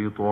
eu tô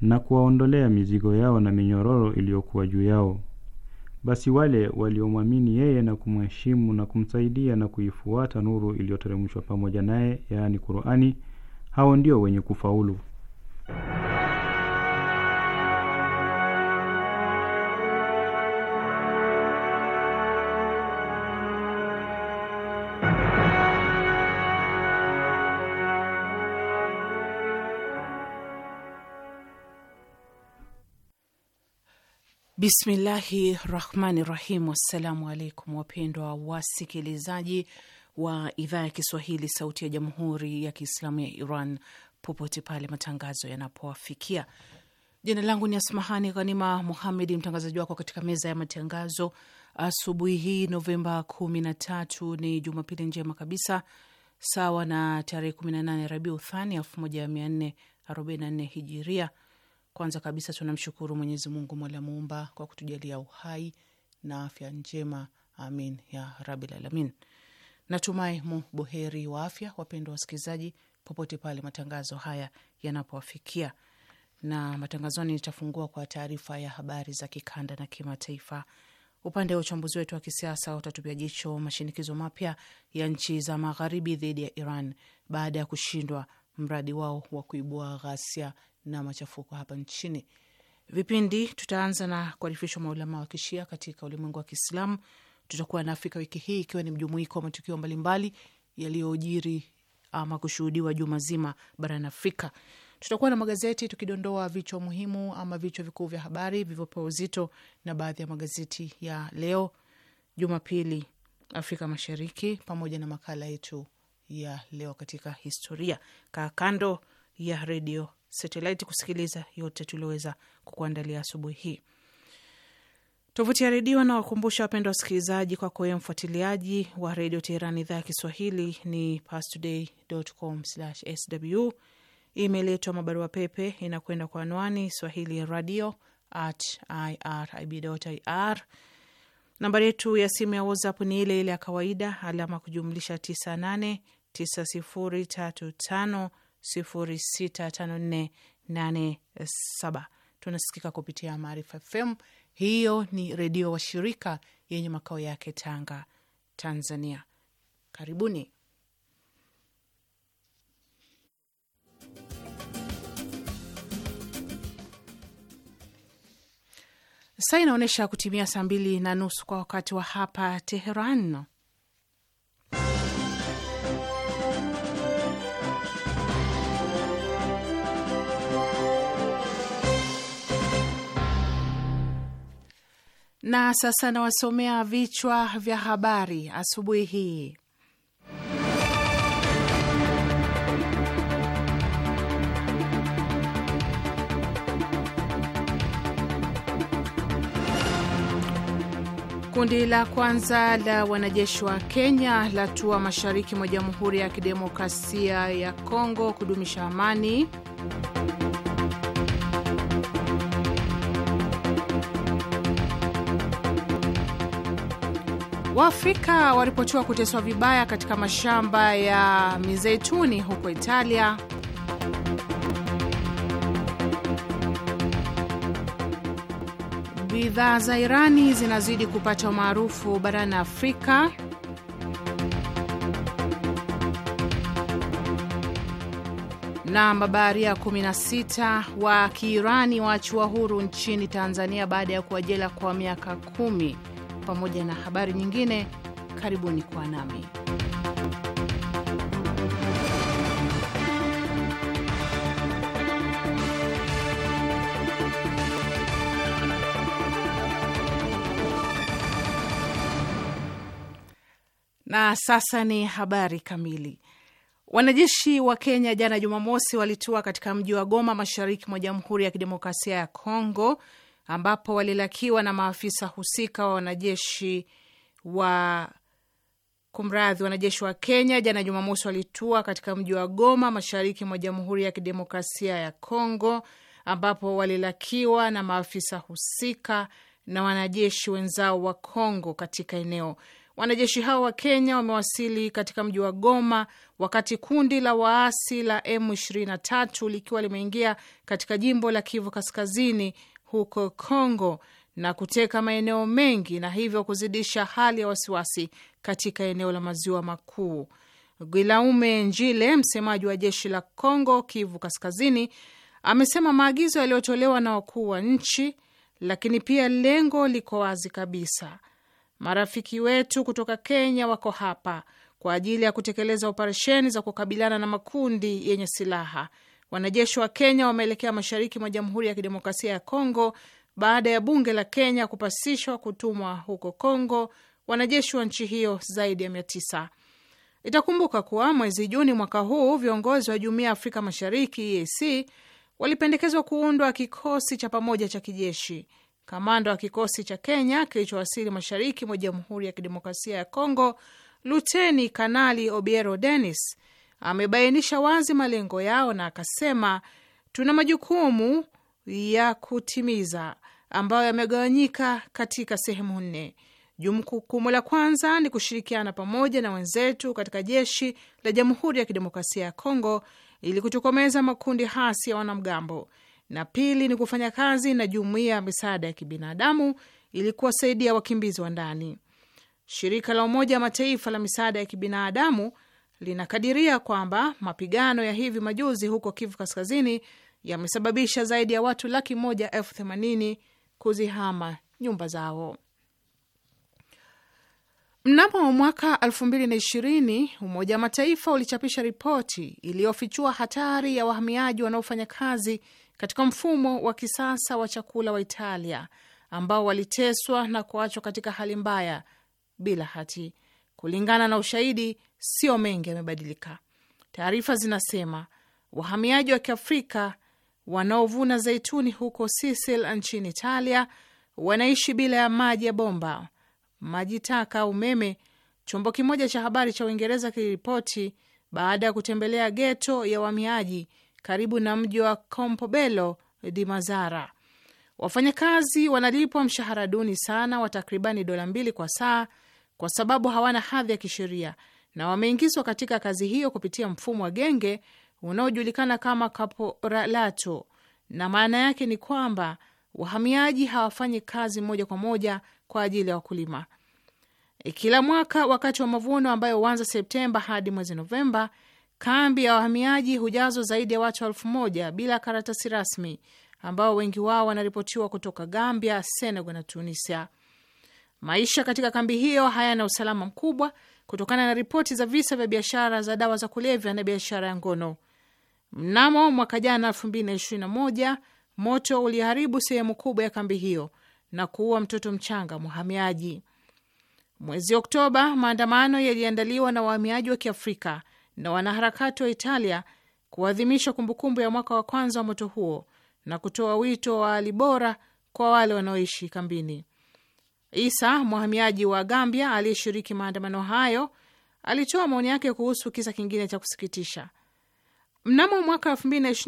na kuwaondolea mizigo yao na minyororo iliyokuwa juu yao. Basi wale waliomwamini yeye na kumheshimu na kumsaidia na kuifuata nuru iliyoteremshwa pamoja naye, yaani Qur'ani, hao ndio wenye kufaulu. Bismillahi rahmani rahim. Wassalamu alaikum wapendwa wasikilizaji wa idhaa ya Kiswahili sauti ya jamhuri ya Kiislamu ya Iran popote pale matangazo yanapowafikia. Jina langu ni Asmahani Ghanima Muhamedi, mtangazaji wako katika meza ya matangazo asubuhi hii Novemba 13 Ni Jumapili njema kabisa, sawa na tarehe 18 Rabiu Thani elfu hijiria kwanza kabisa tunamshukuru Mwenyezi Mungu mola muumba kwa kutujalia uhai na afya njema, amin ya rabil alamin. Natumai muboheri wa afya, wapendwa wasikilizaji, popote pale matangazo haya yanapowafikia. Na matangazoni nitafungua kwa taarifa ya habari za kikanda na kimataifa. Upande wa uchambuzi wetu wa kisiasa utatupia jicho mashinikizo mapya ya nchi za magharibi dhidi ya Iran baada ya kushindwa mradi wao wa kuibua ghasia na machafuko hapa nchini. Vipindi tutaanza na kuarifishwa maulama wa kishia katika ulimwengu wa Kiislamu. Tutakuwa na Afrika wiki hii, ikiwa ni mjumuiko wa matukio mbalimbali yaliyojiri ama kushuhudiwa juma zima barani Afrika. Tutakuwa na magazeti tukidondoa vichwa muhimu ama vichwa vikuu vya habari vilivyopewa uzito na baadhi ya magazeti ya leo Jumapili Afrika Mashariki, pamoja na makala yetu ya leo katika historia. Kaa kando ya redio satelaiti kusikiliza yote tulioweza kukuandalia asubuhi hii. Tovuti ya redio na wapendwa wasikilizaji, kwako wewe mfuatiliaji wa redio Teherani idhaa ya Kiswahili ni pastoday.com/sw. Email yetu ya mabarua pepe inakwenda kwa anwani swahili radio at irib.ir. Nambari yetu ya simu ya WhatsApp ni ile ile ya kawaida, alama kujumlisha 98 9035 065487. Tunasikika kupitia Maarifa FM. Hiyo ni redio wa shirika yenye makao yake Tanga, Tanzania. Karibuni. Saa inaonyesha kutimia saa mbili na nusu kwa wakati wa hapa Teheran Na sasa nawasomea vichwa vya habari asubuhi hii. Kundi la kwanza la wanajeshi wa Kenya latua mashariki mwa Jamhuri ya Kidemokrasia ya Kongo kudumisha amani. Waafrika waripotiwa kuteswa vibaya katika mashamba ya mizeituni huko Italia. Bidhaa za Irani zinazidi kupata umaarufu barani Afrika. Na mabaharia 16 wa Kiirani waachiwa huru nchini Tanzania baada ya kuwa jela kwa miaka kumi pamoja na habari nyingine. Karibuni kwa nami na sasa ni habari kamili. Wanajeshi wa Kenya jana Jumamosi walitua katika mji wa Goma, mashariki mwa Jamhuri ya Kidemokrasia ya Kongo ambapo walilakiwa na maafisa husika wa wanajeshi wa kumradhi, wanajeshi wa Kenya jana Jumamosi walitua katika mji wa Goma, mashariki mwa Jamhuri ya Kidemokrasia ya Kongo, ambapo walilakiwa na maafisa husika na wanajeshi wenzao wa Kongo katika eneo. Wanajeshi hao wa Kenya wamewasili katika mji wa Goma wakati kundi la waasi la M23 likiwa limeingia katika jimbo la Kivu Kaskazini huko congo na kuteka maeneo mengi na hivyo kuzidisha hali ya wasiwasi katika eneo la maziwa makuu. Gwilaume Njile, msemaji wa jeshi la congo Kivu Kaskazini, amesema maagizo yaliyotolewa na wakuu wa nchi, lakini pia lengo liko wazi kabisa. Marafiki wetu kutoka Kenya wako hapa kwa ajili ya kutekeleza operesheni za kukabiliana na makundi yenye silaha Wanajeshi wa Kenya wameelekea mashariki mwa Jamhuri ya Kidemokrasia ya Kongo baada ya bunge la Kenya kupasishwa kutumwa huko Kongo wanajeshi wa nchi hiyo zaidi ya mia tisa. Itakumbuka kuwa mwezi Juni mwaka huu viongozi wa Jumuiya ya Afrika Mashariki EAC walipendekezwa kuundwa kikosi cha pamoja cha kijeshi. Kamanda wa kikosi cha Kenya kilichowasili mashariki mwa Jamhuri ya Kidemokrasia ya Kongo, Luteni Kanali Obiero Dennis amebainisha wazi malengo yao na akasema, tuna majukumu ya kutimiza ambayo yamegawanyika katika sehemu nne. Jukumu la kwanza ni kushirikiana pamoja na wenzetu katika jeshi la Jamhuri ya Kidemokrasia ya Kongo ili kutokomeza makundi hasi ya wanamgambo, na pili ni kufanya kazi na jumuiya ya misaada ya kibinadamu ili kuwasaidia wakimbizi wa ndani. Shirika la Umoja wa Mataifa la misaada ya kibinadamu linakadiria kwamba mapigano ya hivi majuzi huko Kivu Kaskazini yamesababisha zaidi ya watu laki moja elfu themanini kuzihama nyumba zao. Mnamo mwaka elfu mbili na ishirini Umoja wa Mataifa ulichapisha ripoti iliyofichua hatari ya wahamiaji wanaofanya kazi katika mfumo wa kisasa wa chakula wa Italia ambao waliteswa na kuachwa katika hali mbaya bila hati. Kulingana na ushahidi, sio mengi yamebadilika. Taarifa zinasema wahamiaji wa kiafrika wanaovuna zaituni huko Sicily nchini Italia wanaishi bila ya maji ya bomba, maji taka au umeme, chombo kimoja cha habari cha Uingereza kiliripoti baada ya kutembelea geto ya wahamiaji karibu na mji wa Campobello di Mazara. Wafanyakazi wanalipwa mshahara duni sana wa takribani dola mbili kwa saa kwa sababu hawana hadhi ya kisheria na wameingizwa katika kazi hiyo kupitia mfumo wa genge unaojulikana kama kaporalato, na maana yake ni kwamba wahamiaji hawafanyi kazi moja kwa moja kwa ajili ya wakulima. E, kila mwaka wakati wa mavuno ambayo huanza Septemba hadi mwezi Novemba, kambi ya wahamiaji hujazwa zaidi ya watu elfu moja bila karatasi rasmi, ambao wengi wao wanaripotiwa kutoka Gambia, Senegal na Tunisia. Maisha katika kambi hiyo hayana usalama mkubwa kutokana na ripoti za visa vya biashara za dawa za kulevya na biashara ya ngono. Mnamo mwaka jana 2021 moto uliharibu sehemu kubwa ya kambi hiyo na kuua mtoto mchanga mhamiaji. Mwezi Oktoba, maandamano yaliandaliwa na wahamiaji wa Kiafrika na wanaharakati wa Italia kuadhimisha kumbukumbu ya mwaka wa kwanza wa moto huo na kutoa wito wa hali bora kwa wale wanaoishi kambini. Isa, mhamiaji wa Gambia aliyeshiriki maandamano hayo, alitoa maoni yake kuhusu kisa kingine cha kusikitisha. Mnamo mwaka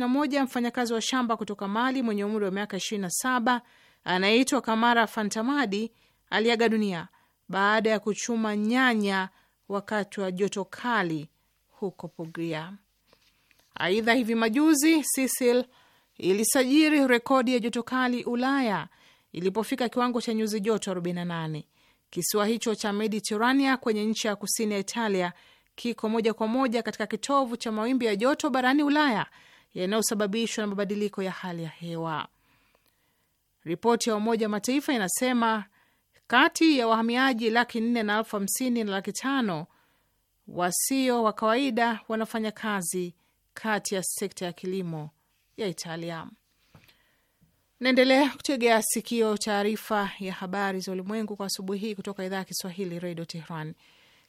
moja, mfanyakazi wa shamba kutoka Mali mwenye umri wa miaka 27 anayeitwa Kamara Fantamadi aliaga dunia baada ya kuchuma nyanya wakati wa joto kali huko Puglia. Aidha, hivi majuzi Sisil ilisajili rekodi ya joto kali Ulaya ilipofika kiwango cha nyuzi joto 48. Kisiwa hicho cha Mediterania kwenye nchi ya kusini ya Italia kiko moja kwa moja katika kitovu cha mawimbi ya joto barani Ulaya yanayosababishwa na mabadiliko ya hali ya hewa. Ripoti ya Umoja wa Mataifa inasema kati ya wahamiaji laki nne na elfu hamsini na laki tano wasio wa kawaida wanafanya kazi kati ya sekta ya kilimo ya Italia. Naendelea kutegea sikio taarifa ya habari za ulimwengu kwa asubuhi hii kutoka idhaa ya Kiswahili redio Tehran.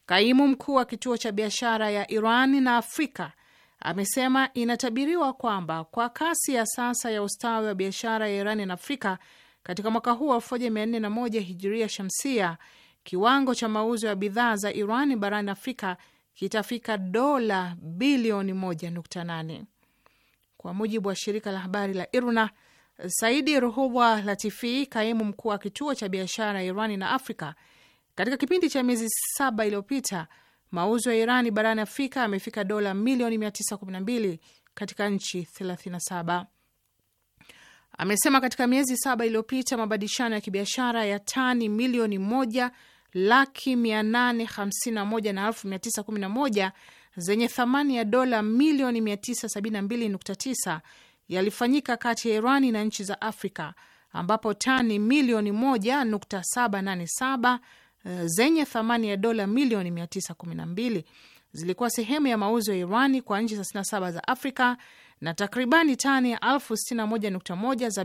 Kaimu mkuu wa kituo cha biashara ya Iran na Afrika amesema inatabiriwa kwamba kwa kasi ya sasa ya ustawi wa biashara ya Iran na Afrika katika mwaka huu wa 1401 hijiria shamsia, kiwango cha mauzo ya bidhaa za Iran barani Afrika kitafika dola bilioni 1.8 kwa mujibu wa shirika la habari la IRNA. Saidi Ruhubwa Latifi, kaimu mkuu wa kituo cha biashara ya Irani na Afrika, katika kipindi cha miezi saba iliyopita mauzo ya Irani barani Afrika yamefika dola milioni 912 katika nchi 37. Amesema katika miezi saba iliyopita mabadilishano ya kibiashara ya tani milioni moja laki 851 na 1911 zenye thamani ya dola milioni 972.9 yalifanyika kati ya Irani na nchi za Afrika ambapo tani milioni 1.787 eh, zenye thamani ya dola milioni 912 zilikuwa sehemu ya mauzo ya Irani kwa nchi 67 za Afrika na takribani tani 61.1 za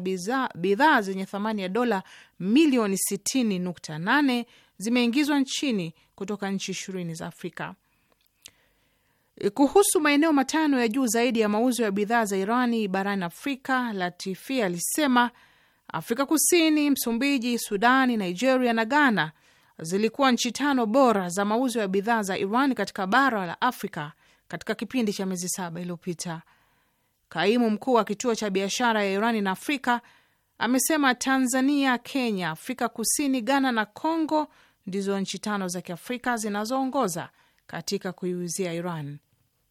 bidhaa zenye thamani ya dola milioni 60.8 zimeingizwa nchini kutoka nchi ishirini za Afrika. E, kuhusu maeneo matano ya juu zaidi ya mauzo ya bidhaa za Irani barani Afrika, Latifi alisema Afrika Kusini, Msumbiji, Sudani, Nigeria na Ghana zilikuwa nchi tano bora za mauzo ya bidhaa za Iran katika bara la Afrika katika kipindi cha miezi saba iliyopita. Kaimu mkuu wa kituo cha biashara ya Irani na Afrika amesema Tanzania, Kenya, Afrika Kusini, Ghana na Congo ndizo nchi tano za kiafrika zinazoongoza katika kuiuzia Iran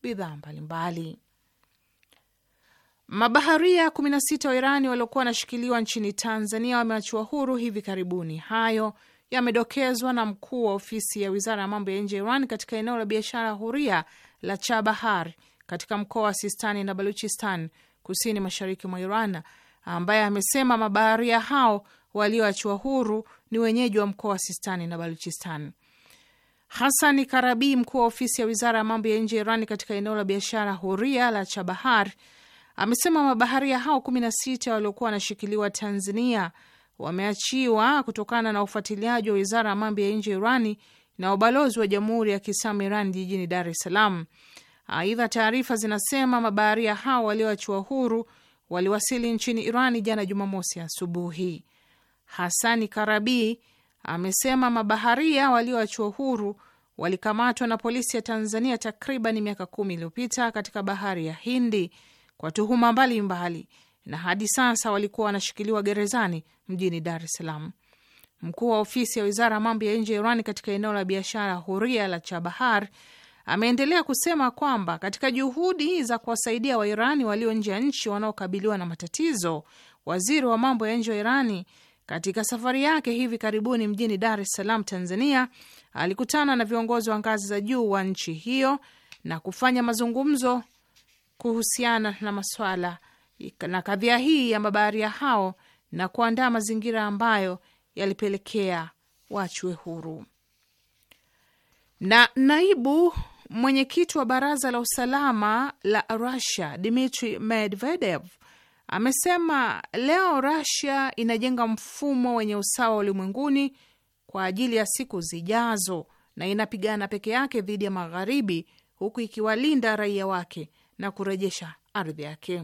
bidhaa mbalimbali. Mabaharia 16 wa Irani waliokuwa wanashikiliwa nchini Tanzania wameachiwa huru hivi karibuni. Hayo yamedokezwa na mkuu wa ofisi ya wizara ya mambo ya nje ya Iran katika eneo la biashara huria la Chabahar katika mkoa wa Sistani na Baluchistan kusini mashariki mwa Iran, ambaye amesema mabaharia hao walioachiwa huru ni wenyeji wa mkoa wa Sistani na Baluchistan. Hasani Karabi, mkuu wa ofisi ya wizara ya mambo ya nje ya Irani katika eneo la biashara huria la Chabahar, amesema mabaharia hao 16 waliokuwa wanashikiliwa Tanzania wameachiwa kutokana na ufuatiliaji wa wizara ya mambo ya nje ya Irani na ubalozi wa jamhuri ya Kiislamu iran jijini Dar es Salaam. Aidha, taarifa zinasema mabaharia hao walioachiwa huru waliwasili nchini Irani jana Jumamosi asubuhi. Hasani Karabi amesema mabaharia walioachiwa huru walikamatwa na polisi ya Tanzania takriban miaka kumi iliyopita katika bahari ya Hindi kwa tuhuma mbalimbali mbali, na hadi sasa walikuwa wanashikiliwa gerezani mjini Dar es Salaam. Mkuu wa ofisi ya wizara ya mambo ya nje ya Iran katika eneo la biashara huria la Chabahar ameendelea kusema kwamba katika juhudi za kuwasaidia Wairani walio nje ya nchi wanaokabiliwa na matatizo, waziri wa mambo ya nje wa Irani katika safari yake hivi karibuni mjini Dar es Salaam, Tanzania, alikutana na viongozi wa ngazi za juu wa nchi hiyo na kufanya mazungumzo kuhusiana na maswala na kadhia hii ya mabaharia hao na kuandaa mazingira ambayo yalipelekea wachwe huru. Na naibu mwenyekiti wa baraza la usalama la Russia dmitri Medvedev amesema leo rasia inajenga mfumo wenye usawa ulimwenguni kwa ajili ya siku zijazo na inapigana peke yake dhidi ya magharibi huku ikiwalinda raia wake na kurejesha ardhi yake.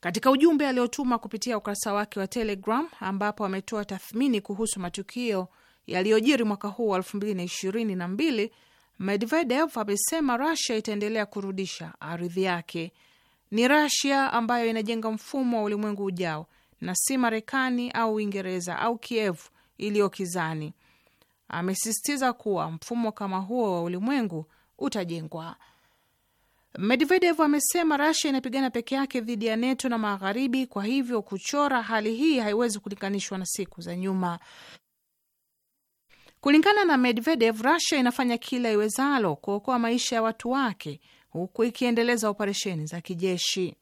Katika ujumbe aliotuma kupitia ukurasa wake wa Telegram ambapo ametoa tathmini kuhusu matukio yaliyojiri mwaka huu wa mbili, Medvedev amesema Russia itaendelea kurudisha ardhi yake ni Rasia ambayo inajenga mfumo wa ulimwengu ujao na si Marekani au Uingereza au kiev iliyokizani. Amesisitiza kuwa mfumo kama huo wa ulimwengu utajengwa. Medvedev amesema Rasia inapigana peke yake dhidi ya NATO na Magharibi, kwa hivyo kuchora hali hii haiwezi kulinganishwa na siku za nyuma. Kulingana na Medvedev, Rasia inafanya kila iwezalo kuokoa maisha ya watu wake huku ikiendeleza operesheni za kijeshi.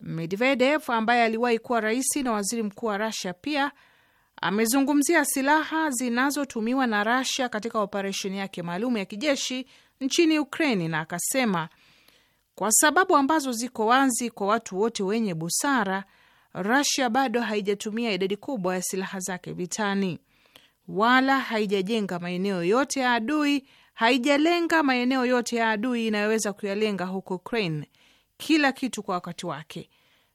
Medvedev ambaye aliwahi kuwa rais na waziri mkuu wa Rasia pia amezungumzia silaha zinazotumiwa na Rasia katika operesheni yake maalum ya kijeshi nchini Ukraini na akasema kwa sababu ambazo ziko wazi kwa watu wote wenye busara, Rasia bado haijatumia idadi kubwa ya silaha zake vitani wala haijajenga maeneo yote ya adui haijalenga maeneo yote ya adui inayoweza kuyalenga huko Ukraine. Kila kitu kwa wakati wake.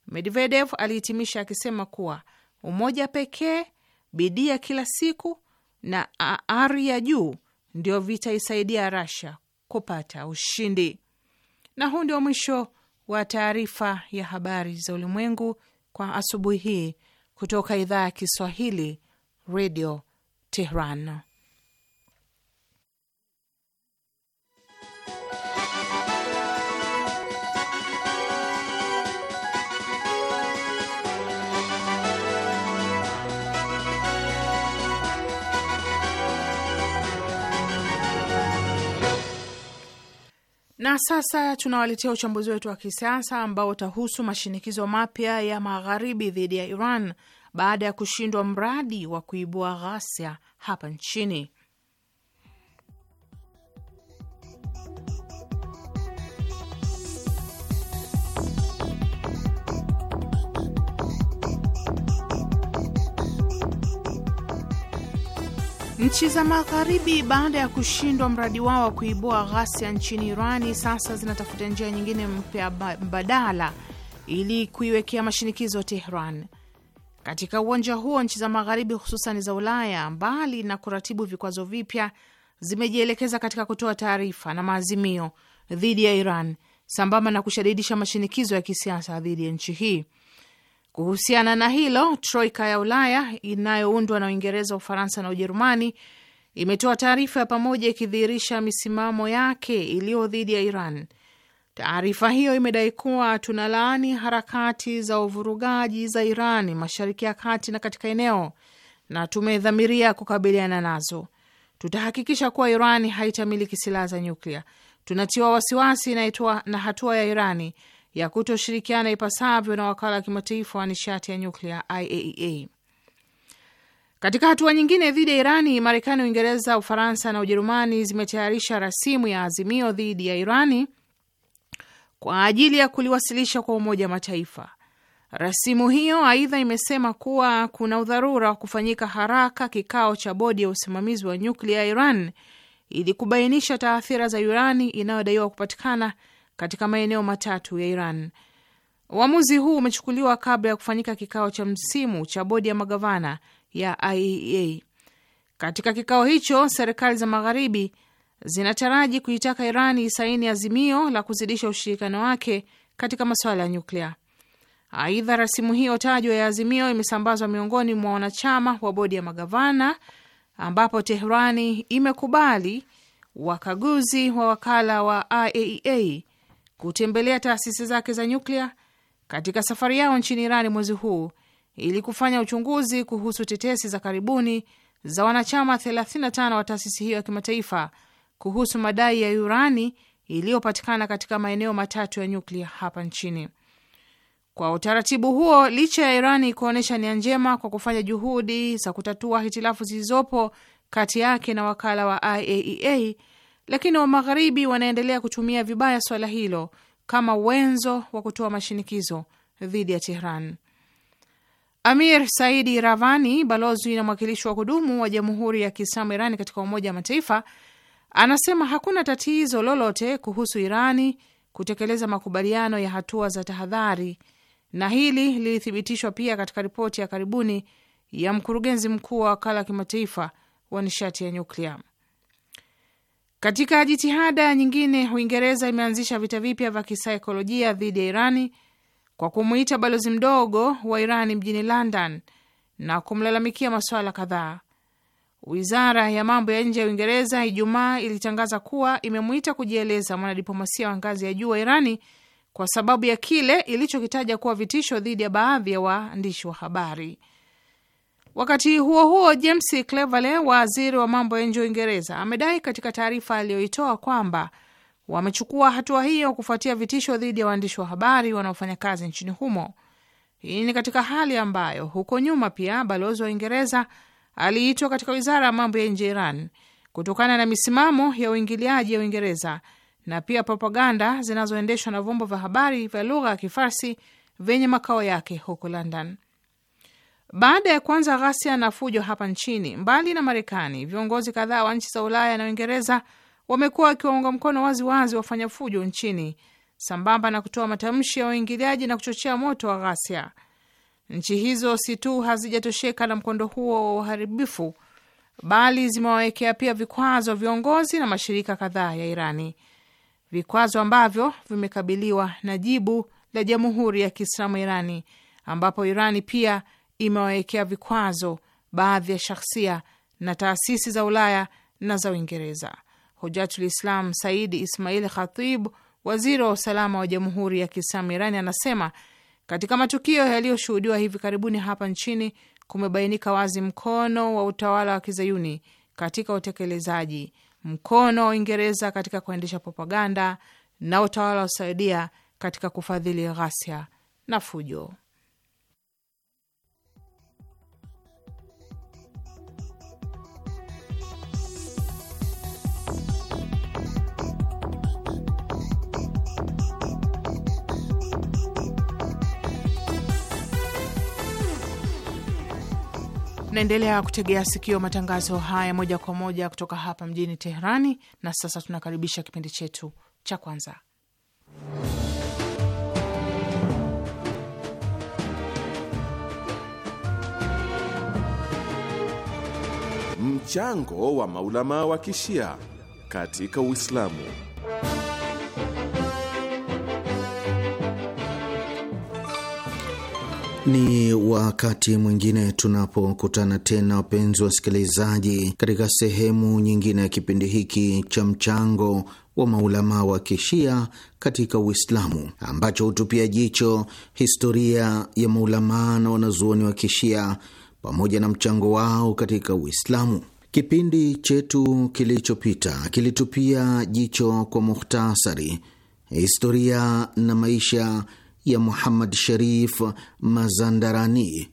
Medvedev alihitimisha akisema kuwa umoja pekee, bidii ya kila siku na ari ya juu ndio vitaisaidia Russia kupata ushindi. Na huu ndio mwisho wa taarifa ya habari za ulimwengu kwa asubuhi hii kutoka idhaa ya Kiswahili, Radio Tehran. Na sasa tunawaletea uchambuzi wetu wa kisiasa ambao utahusu mashinikizo mapya ya magharibi dhidi ya Iran baada ya kushindwa mradi wa kuibua ghasia hapa nchini. Nchi za Magharibi, baada ya kushindwa mradi wao wa kuibua ghasia nchini Irani, sasa zinatafuta njia nyingine mpya mbadala ili kuiwekea mashinikizo Tehran. Katika uwanja huo, nchi za Magharibi, hususan za Ulaya, mbali na kuratibu vikwazo vipya, zimejielekeza katika kutoa taarifa na maazimio dhidi ya Iran, sambamba na kushadidisha mashinikizo ya kisiasa dhidi ya nchi hii. Kuhusiana na hilo, troika ya Ulaya inayoundwa na Uingereza, Ufaransa na Ujerumani imetoa taarifa ya pamoja ikidhihirisha misimamo yake iliyo dhidi ya Iran. Taarifa hiyo imedai kuwa tunalaani harakati za uvurugaji za Iran mashariki ya kati na katika eneo na tumedhamiria kukabiliana nazo. Tutahakikisha kuwa Iran haitamiliki silaha za nyuklia. Tunatiwa wasiwasi na hatua ya Irani ya kutoshirikiana ipasavyo na wakala wa kimataifa wa nishati ya nyuklia IAEA. E Katika hatua nyingine dhidi ya Irani, Marekani, Uingereza, Ufaransa na Ujerumani zimetayarisha rasimu ya azimio dhidi ya Irani kwa ajili ya kuliwasilisha kwa Umoja wa Mataifa. Rasimu hiyo aidha imesema kuwa kuna udharura wa kufanyika haraka kikao cha bodi ya usimamizi wa nyuklia ya Iran ili kubainisha taathira za urani inayodaiwa kupatikana katika maeneo matatu ya Iran. Uamuzi huu umechukuliwa kabla ya kufanyika kikao cha msimu cha bodi ya magavana ya IAEA. Katika kikao hicho, serikali za magharibi zinataraji kuitaka Iran isaini azimio la kuzidisha ushirikano wake katika masuala ya nyuklia. Aidha, rasimu hiyo tajwa ya azimio imesambazwa miongoni mwa wanachama wa bodi ya magavana, ambapo tehrani imekubali wakaguzi wa wakala wa IAEA kutembelea taasisi zake za nyuklia katika safari yao nchini Irani mwezi huu ili kufanya uchunguzi kuhusu tetesi za karibuni za wanachama 35 wa taasisi hiyo ya kimataifa kuhusu madai ya urani iliyopatikana katika maeneo matatu ya nyuklia hapa nchini. Kwa utaratibu huo, licha ya Irani kuonyesha nia njema kwa kufanya juhudi za kutatua hitilafu zilizopo kati yake na wakala wa IAEA e lakini wa Magharibi wanaendelea kutumia vibaya swala hilo kama wenzo wa kutoa mashinikizo dhidi ya Tehran. Amir Saidi Ravani, balozi na mwakilishi wa kudumu wa Jamhuri ya Kiislamu Irani katika Umoja wa Mataifa, anasema hakuna tatizo lolote kuhusu Irani kutekeleza makubaliano ya hatua za tahadhari, na hili lilithibitishwa pia katika ripoti ya karibuni ya mkurugenzi mkuu wa wakala wa kimataifa wa nishati ya nyuklia. Katika jitihada nyingine, Uingereza imeanzisha vita vipya vya kisaikolojia dhidi ya Irani kwa kumuita balozi mdogo wa Irani mjini London na kumlalamikia masuala kadhaa. Wizara ya mambo ya nje ya Uingereza Ijumaa ilitangaza kuwa imemuita kujieleza mwanadiplomasia wa ngazi ya juu wa Irani kwa sababu ya kile ilichokitaja kuwa vitisho dhidi ya baadhi ya waandishi wa habari. Wakati huo huo, James Cleverly, waziri wa mambo ya nje wa Uingereza, amedai katika taarifa aliyoitoa kwamba wamechukua hatua hiyo kufuatia vitisho dhidi ya waandishi wa habari wanaofanya kazi nchini humo. Hii ni katika hali ambayo huko nyuma pia balozi wa Uingereza aliitwa katika wizara ya mambo ya nje ya Iran kutokana na misimamo ya uingiliaji ya Uingereza na pia propaganda zinazoendeshwa na vyombo vya habari vya lugha ya Kifarsi vyenye makao yake huko London. Baada ya kuanza ghasia na fujo hapa nchini, mbali na Marekani, viongozi kadhaa wa nchi za Ulaya na Uingereza wamekuwa wakiwaunga mkono waziwazi wafanya fujo nchini sambamba na kutoa matamshi ya uingiliaji na kuchochea moto wa ghasia. Nchi hizo si tu hazijatosheka na mkondo huo wa uharibifu, bali zimewawekea pia vikwazo viongozi na mashirika kadhaa ya Irani, vikwazo ambavyo vimekabiliwa na jibu la Jamhuri ya Kiislamu Irani, ambapo Irani pia imewawekea vikwazo baadhi ya shahsia na taasisi za Ulaya na za Uingereza. Hujatul Islam Saidi Ismail Khatib, waziri wa usalama wa Jamhuri ya Kiislamu Irani, anasema katika matukio yaliyoshuhudiwa hivi karibuni hapa nchini kumebainika wazi mkono wa utawala wa kizayuni katika utekelezaji, mkono wa Uingereza katika kuendesha propaganda na utawala wa Saudia katika kufadhili ghasia na fujo. Naendelea kutegea sikio matangazo haya moja kwa moja kutoka hapa mjini Teherani. Na sasa tunakaribisha kipindi chetu cha kwanza, mchango wa maulama wa kishia katika Uislamu. Ni wakati mwingine tunapokutana tena, wapenzi wasikilizaji, katika sehemu nyingine ya kipindi hiki cha mchango wa maulamaa wa kishia katika Uislamu ambacho hutupia jicho historia ya maulamaa na wanazuoni wa kishia pamoja na mchango wao katika Uislamu. Kipindi chetu kilichopita kilitupia jicho kwa muhtasari historia na maisha ya Muhammad Sharif Mazandarani,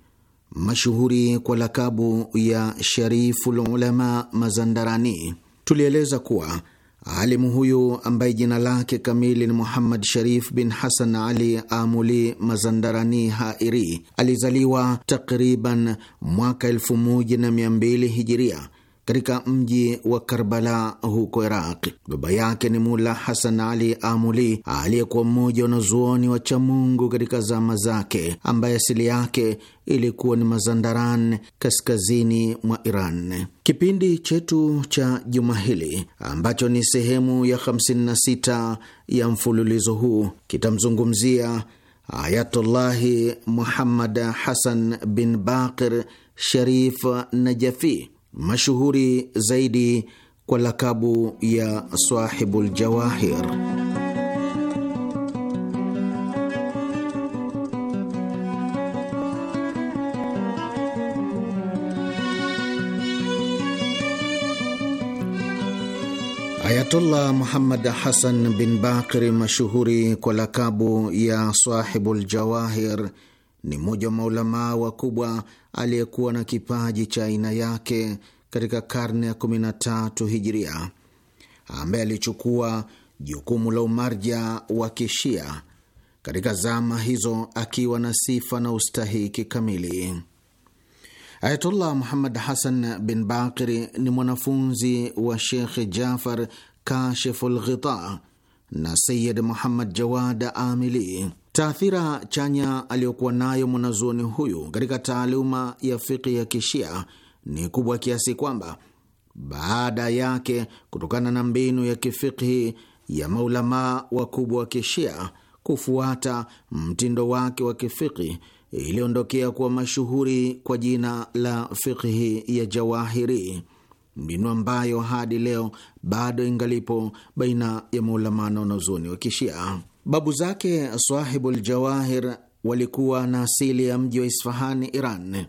mashuhuri kwa lakabu ya Sharifu Lulama Mazandarani. Tulieleza kuwa alimu huyu ambaye jina lake kamili ni Muhammad Sharif bin Hasan Ali Amuli Mazandarani Hairi alizaliwa takriban mwaka 1200 hijiria katika mji wa Karbala huko Iraq. Baba yake ni Mula Hasan Ali Amuli, aliyekuwa mmoja wanazuoni wa chamungu katika zama zake, ambaye asili yake ilikuwa ni Mazandaran, kaskazini mwa Iran. Kipindi chetu cha juma hili ambacho ni sehemu ya 56 ya mfululizo huu kitamzungumzia Ayatullahi Muhammad Hasan bin Bakir Sharif Najafi, mashuhuri zaidi kwa lakabu ya Sahibul Jawahir. Ayatullah Muhammad Hasan bin Bakir, mashuhuri kwa lakabu ya Sahibul Jawahir, ni mmoja wa maulamaa wakubwa aliyekuwa na kipaji cha aina yake katika karne ya 13 Hijiria, ambaye alichukua jukumu la umarja wa kishia katika zama hizo akiwa na sifa na ustahiki kamili. Ayatullah Muhammad Hasan bin Bakiri ni mwanafunzi wa Shekh Jafar Kashiful Ghita na Sayid Muhammad Jawad Amili. Taathira chanya aliyokuwa nayo mwanazuoni huyu katika taaluma ya fiqhi ya kishia ni kubwa kiasi kwamba baada yake, kutokana na mbinu ya kifiqhi ya maulamaa wakubwa wa kishia kufuata mtindo wake wa kifiqhi, iliondokea kuwa mashuhuri kwa jina la fiqhi ya Jawahiri, mbinu ambayo hadi leo bado ingalipo baina ya maulamaa na wanazuoni wa kishia. Babu zake Swahibul Jawahir walikuwa na asili ya mji wa Isfahani, Iran.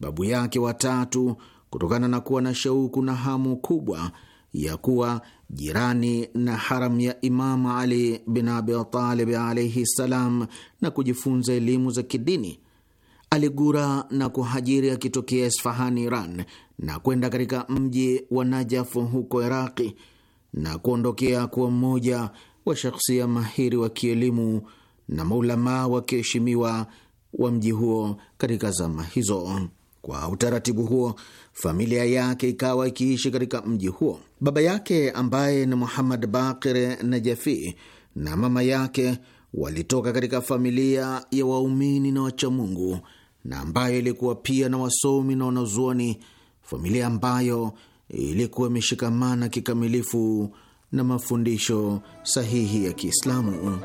Babu yake watatu, kutokana na kuwa na shauku na hamu kubwa ya kuwa jirani na haram ya Imam Ali bin Abi Talib alaihi ssalam, na kujifunza elimu za kidini, aligura na kuhajiri akitokea Isfahani, Iran, na kwenda katika mji wa najafu huko Iraqi, na kuondokea kuwa mmoja wa shakhsia mahiri wa kielimu na maulamaa wakiheshimiwa wa mji huo katika zama hizo. Kwa utaratibu huo, familia yake ikawa ikiishi katika mji huo. Baba yake ambaye ni Muhammad Bakir Najafi na mama yake walitoka katika familia ya waumini na wachamungu na ambayo ilikuwa pia na wasomi na wanazuoni, familia ambayo ilikuwa imeshikamana kikamilifu na mafundisho sahihi ya Kiislamu.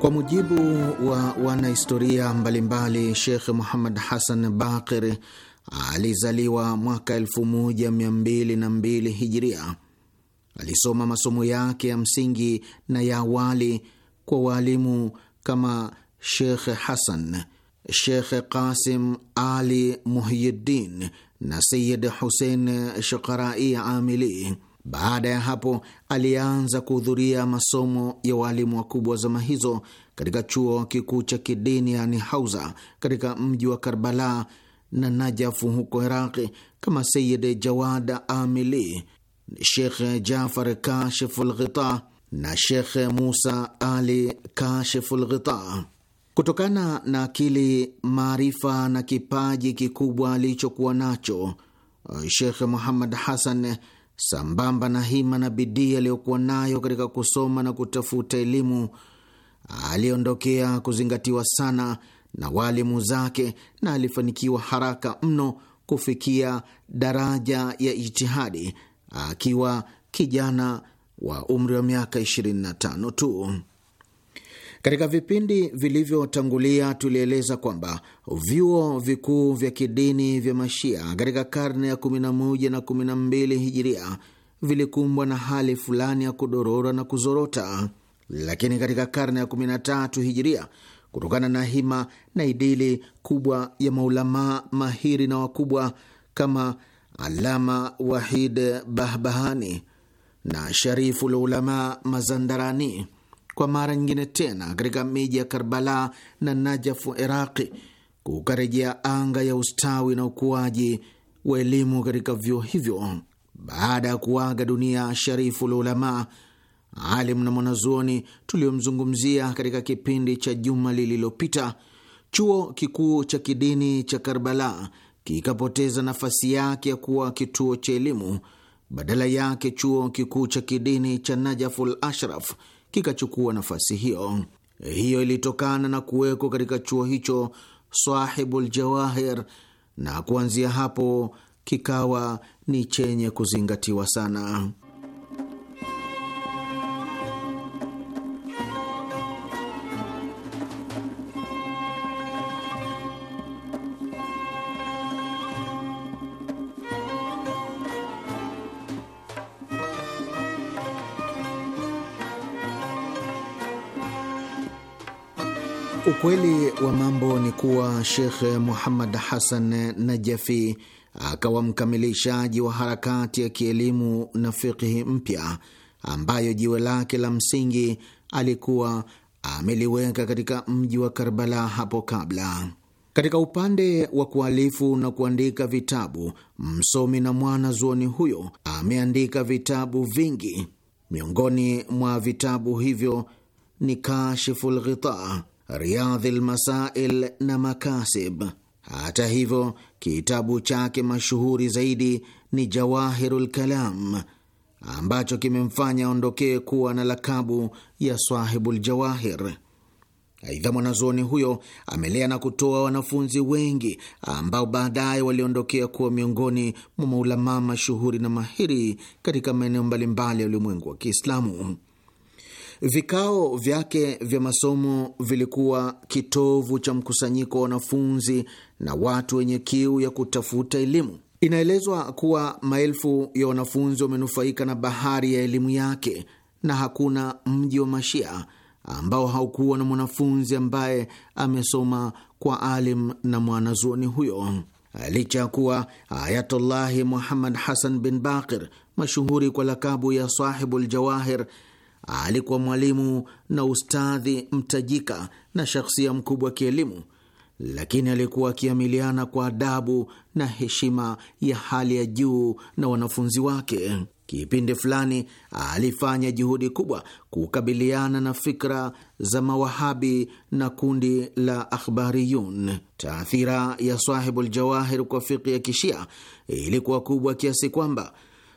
Kwa mujibu wa wanahistoria mbalimbali, Shekh Muhammad Hasan Baqir alizaliwa mwaka 1202 Hijiria Alisoma masomo yake ya msingi na ya awali kwa waalimu kama Shekh Hasan, Shekh Qasim Ali Muhyiddin na Sayid Husein Shakarai Amili. Baada ya hapo alianza kuhudhuria masomo ya waalimu wakubwa wa zama hizo katika chuo kikuu cha kidini yani Hauza katika mji wa Karbala na Najafu huko Iraqi kama Sayid Jawad Amili Shekh Jafar Kashiful Ghita na Shekh Musa Ali Kashiful Ghita. Kutokana na akili, maarifa na kipaji kikubwa alichokuwa nacho uh, Shekh Muhammad hassan sambamba na hima na bidii aliyokuwa nayo katika kusoma na kutafuta elimu, aliondokea kuzingatiwa sana na waalimu zake na alifanikiwa haraka mno kufikia daraja ya ijtihadi akiwa kijana wa umri wa miaka 25 tu. Katika vipindi vilivyotangulia tulieleza kwamba vyuo vikuu vya kidini vya Mashia katika karne ya 11 na 12 hijiria vilikumbwa na hali fulani ya kudorora na kuzorota, lakini katika karne ya 13 hijiria, kutokana na hima na idili kubwa ya maulamaa mahiri na wakubwa kama Alama Wahid Bahbahani na Sharifu Lulama Mazandarani kwa mara nyingine tena katika miji ya Karbala na Najafu, Iraqi, kukarejea anga ya ustawi na ukuaji wa elimu katika vyuo hivyo. Baada ya kuaga dunia Sharifu Lulama, alim na mwanazuoni tuliyomzungumzia katika kipindi cha juma lililopita, chuo kikuu cha kidini cha Karbala kikapoteza nafasi yake ya kuwa kituo cha elimu. Badala yake chuo kikuu cha kidini cha Najaful Ashraf kikachukua nafasi hiyo. Hiyo ilitokana na kuwekwa katika chuo hicho Sahibul Jawahir, na kuanzia hapo kikawa ni chenye kuzingatiwa sana. Ukweli wa mambo ni kuwa Shekh Muhammad Hasan Najafi akawa mkamilishaji wa harakati ya kielimu na fikhi mpya ambayo jiwe lake la msingi alikuwa ameliweka katika mji wa Karbala hapo kabla. Katika upande wa kualifu na kuandika vitabu, msomi na mwana zuoni huyo ameandika vitabu vingi. Miongoni mwa vitabu hivyo ni Kashiful Ghita Riadhi Lmasail na Makasib. Hata hivyo, kitabu chake mashuhuri zaidi ni Jawahirul Kalam ambacho kimemfanya aondokee kuwa na lakabu ya Swahibul Jawahir. Aidha, mwanazuoni huyo amelea na kutoa wanafunzi wengi ambao baadaye waliondokea kuwa miongoni mwa maulamaa mashuhuri na mahiri katika maeneo mbalimbali ya ulimwengu wa Kiislamu. Vikao vyake vya masomo vilikuwa kitovu cha mkusanyiko wa wanafunzi na watu wenye kiu ya kutafuta elimu. Inaelezwa kuwa maelfu ya wanafunzi wamenufaika na bahari ya elimu yake, na hakuna mji wa Mashia ambao haukuwa na mwanafunzi ambaye amesoma kwa alim na mwanazuoni huyo. Licha ya kuwa Ayatullahi Muhammad Hasan bin Bakir, mashuhuri kwa lakabu ya sahibuljawahir alikuwa mwalimu na ustadhi mtajika na shakhsia mkubwa kielimu, lakini alikuwa akiamiliana kwa adabu na heshima ya hali ya juu na wanafunzi wake. Kipindi fulani alifanya juhudi kubwa kukabiliana na fikra za mawahabi na kundi la akhbariyun. Taathira ya Sahibuljawahir kwa fikhi ya kishia ilikuwa kubwa kiasi kwamba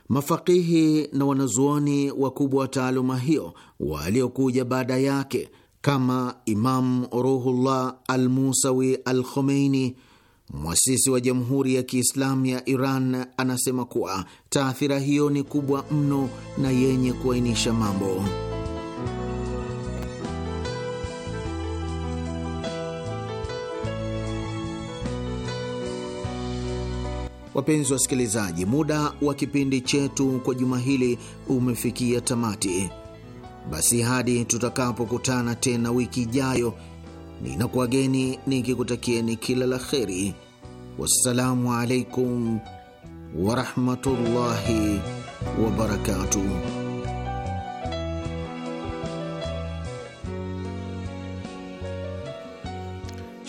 mafakihi na wanazuoni wakubwa wa taaluma hiyo waliokuja baada yake kama Imam Ruhullah Almusawi Al Khomeini, mwasisi wa Jamhuri ya Kiislamu ya Iran, anasema kuwa taathira hiyo ni kubwa mno na yenye kuainisha mambo. Wapenzi wasikilizaji, muda wa kipindi chetu kwa juma hili umefikia tamati. Basi hadi tutakapokutana tena wiki ijayo, ninakuwageni nikikutakieni kila la kheri. Wassalamu alaikum warahmatullahi wabarakatuh.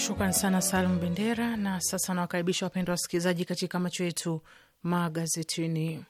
Shukran sana Salum Bendera. Na sasa nawakaribisha wapendwa wasikilizaji katika macho yetu magazetini.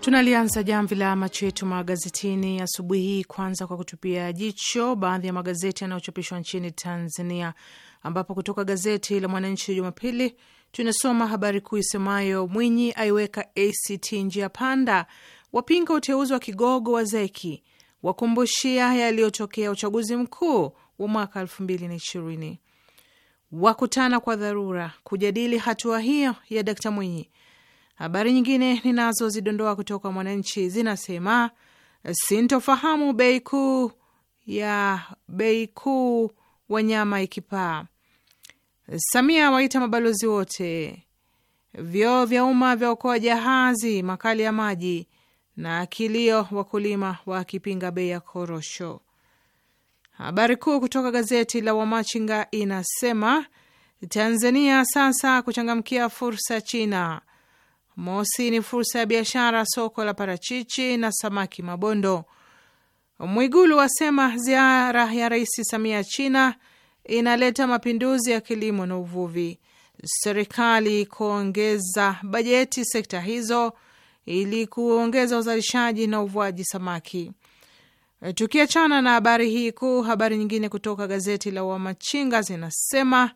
Tunalianza jamvi la macho yetu magazetini asubuhi hii kwanza kwa kutupia jicho baadhi ya magazeti yanayochapishwa nchini Tanzania, ambapo kutoka gazeti la Mwananchi Jumapili tunasoma habari kuu isemayo Mwinyi aiweka ACT njia panda, wapinga uteuzi wa kigogo wa Zeki, wakumbushia yaliyotokea uchaguzi mkuu wa mwaka elfu mbili na ishirini, wakutana kwa dharura kujadili hatua hiyo ya Dkt Mwinyi. Habari nyingine ninazozidondoa kutoka Mwananchi zinasema sintofahamu bei kuu ya bei kuu wanyama ikipaa Samia waita mabalozi wote. Vyoo vya umma vyaokoa jahazi, makali ya maji na kilio wakulima wakipinga bei ya korosho. Habari kuu kutoka gazeti la Wamachinga inasema Tanzania sasa kuchangamkia fursa China. Mosi ni fursa ya biashara, soko la parachichi na samaki Mabondo. Mwigulu wasema ziara ya Rais Samia China inaleta mapinduzi ya kilimo na uvuvi. Serikali kuongeza bajeti sekta hizo ili kuongeza uzalishaji na uvuaji samaki. Tukiachana na habari hii kuu, habari nyingine kutoka gazeti la Wamachinga zinasema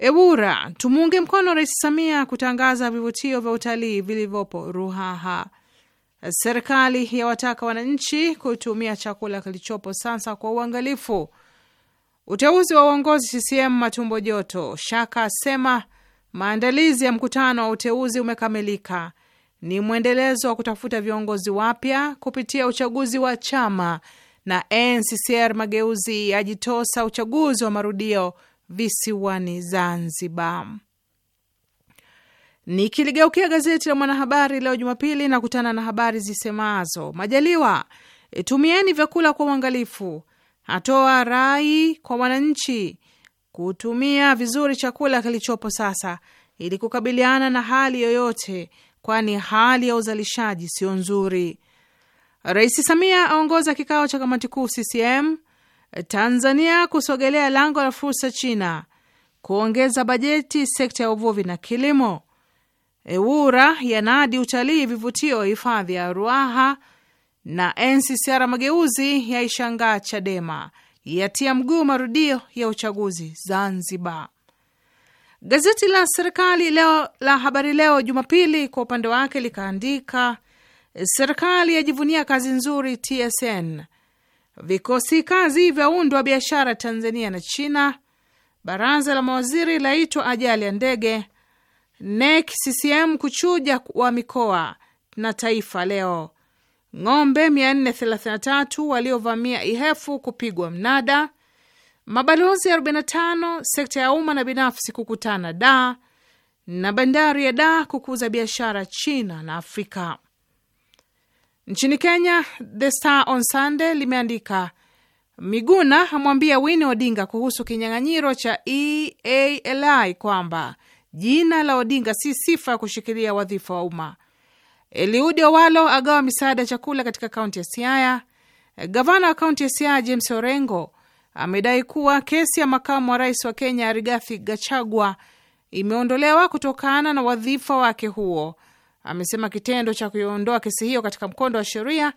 Ebura, tumuunge mkono Rais Samia kutangaza vivutio vya utalii vilivyopo Ruhaha. Serikali yawataka wananchi kutumia chakula kilichopo sasa kwa uangalifu. Uteuzi wa uongozi CCM matumbo joto. Shaka asema maandalizi ya mkutano wa uteuzi umekamilika, ni mwendelezo wa kutafuta viongozi wapya kupitia uchaguzi wa chama, na NCCR Mageuzi yajitosa uchaguzi wa marudio visiwani Zanzibar. Nikiligeukia gazeti la Mwanahabari leo Jumapili, nakutana na habari zisemazo: Majaliwa, tumieni vyakula kwa uangalifu atoa rai kwa wananchi kutumia vizuri chakula kilichopo sasa ili kukabiliana na hali yoyote, kwani hali ya uzalishaji sio nzuri. Rais Samia aongoza kikao cha kamati kuu CCM. Tanzania kusogelea lango la fursa China, kuongeza bajeti sekta ya uvuvi na kilimo. EWURA yanadi utalii vivutio hifadhi ya Ruaha na NCCR Mageuzi yaishangaa Chadema yatia mguu marudio ya uchaguzi Zanzibar. Gazeti la serikali leo la Habari Leo Jumapili kwa upande wake likaandika serikali yajivunia kazi nzuri TSN, vikosi kazi vyaundwa biashara Tanzania na China, baraza la mawaziri laitwa ajali ya ndege, NEC CCM kuchuja wa mikoa na taifa leo ng'ombe 433 waliovamia Ihefu kupigwa mnada, mabalozi 45 sekta ya umma na binafsi kukutana da na bandari ya da kukuza biashara China na Afrika. Nchini Kenya, The Star on Sunday limeandika Miguna amwambia Wini Odinga kuhusu kinyang'anyiro cha EALI kwamba jina la Odinga si sifa ya kushikilia wadhifa wa umma. Eliudi Owalo agawa misaada ya chakula katika kaunti ya Siaya. Gavana wa kaunti ya Siaya James Orengo amedai kuwa kesi ya makamu wa rais wa Kenya Rigathi Gachagua imeondolewa kutokana na wadhifa wake huo. Amesema kitendo cha kuiondoa kesi hiyo katika mkondo wa sheria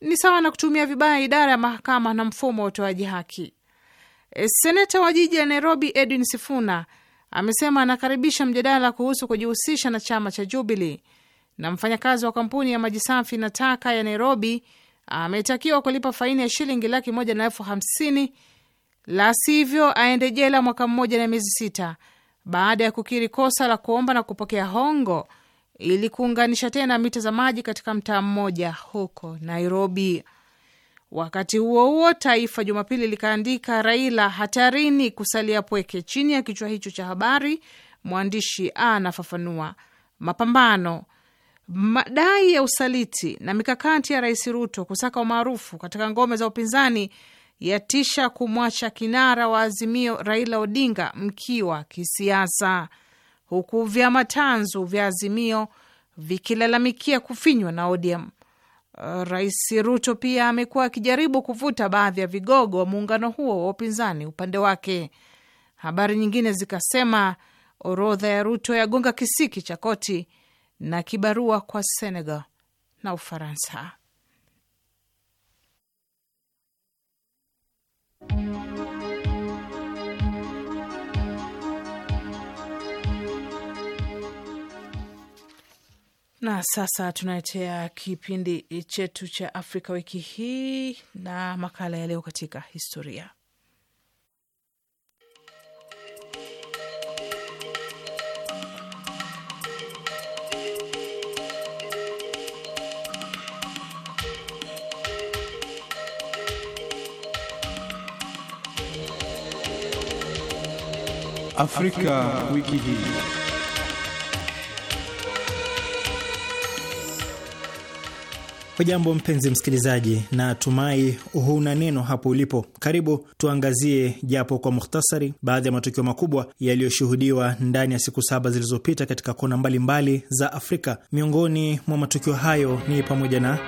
ni sawa na kutumia vibaya idara ya mahakama na mfumo wa utoaji haki. Seneta wa jiji ya Nairobi Edwin Sifuna amesema anakaribisha mjadala kuhusu kujihusisha na chama cha Jubilee na mfanyakazi wa kampuni ya maji safi na taka ya Nairobi ametakiwa kulipa faini ya shilingi laki moja na elfu hamsini la sivyo aende jela mwaka mmoja na miezi sita baada ya kukiri kosa la kuomba na kupokea hongo ili kuunganisha tena mita za maji katika mtaa mmoja huko Nairobi. Wakati huo huo, Taifa Jumapili likaandika Raila hatarini kusalia pweke. Chini ya kichwa hicho cha habari, mwandishi anafafanua mapambano Madai ya usaliti na mikakati ya Rais Ruto kusaka umaarufu katika ngome za upinzani yatisha kumwacha kinara wa Azimio Raila Odinga mkiwa kisiasa, huku vyama tanzu vya Azimio vikilalamikia kufinywa na ODM. Uh, Rais Ruto pia amekuwa akijaribu kuvuta baadhi ya vigogo wa muungano huo wa upinzani upande wake. Habari nyingine zikasema orodha ya Ruto yagonga kisiki cha koti na kibarua kwa Senegal na Ufaransa. Na sasa tunaletea kipindi chetu cha Afrika wiki hii na makala ya leo katika historia. Afrika wiki hii. Jambo mpenzi msikilizaji, na tumai huna neno hapo ulipo. Karibu tuangazie japo kwa mukhtasari baadhi ya matukio makubwa yaliyoshuhudiwa ndani ya siku saba zilizopita katika kona mbalimbali mbali za Afrika. Miongoni mwa matukio hayo ni pamoja na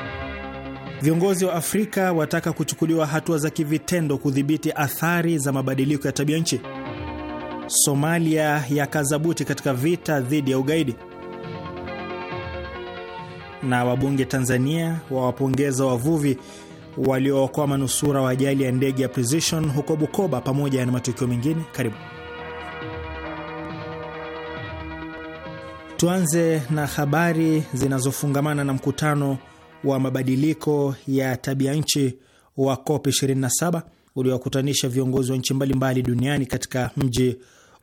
Viongozi wa Afrika wataka kuchukuliwa hatua za kivitendo kudhibiti athari za mabadiliko ya tabia nchi. Somalia yakazabuti katika vita dhidi ya ugaidi, na wabunge Tanzania wawapongeza wavuvi waliookoa manusura wa ajali ya ndege ya Precision huko Bukoba, pamoja na matukio mengine. Karibu tuanze na habari zinazofungamana na mkutano wa mabadiliko ya tabia nchi wa COP 27 uliowakutanisha viongozi wa nchi mbalimbali duniani katika mji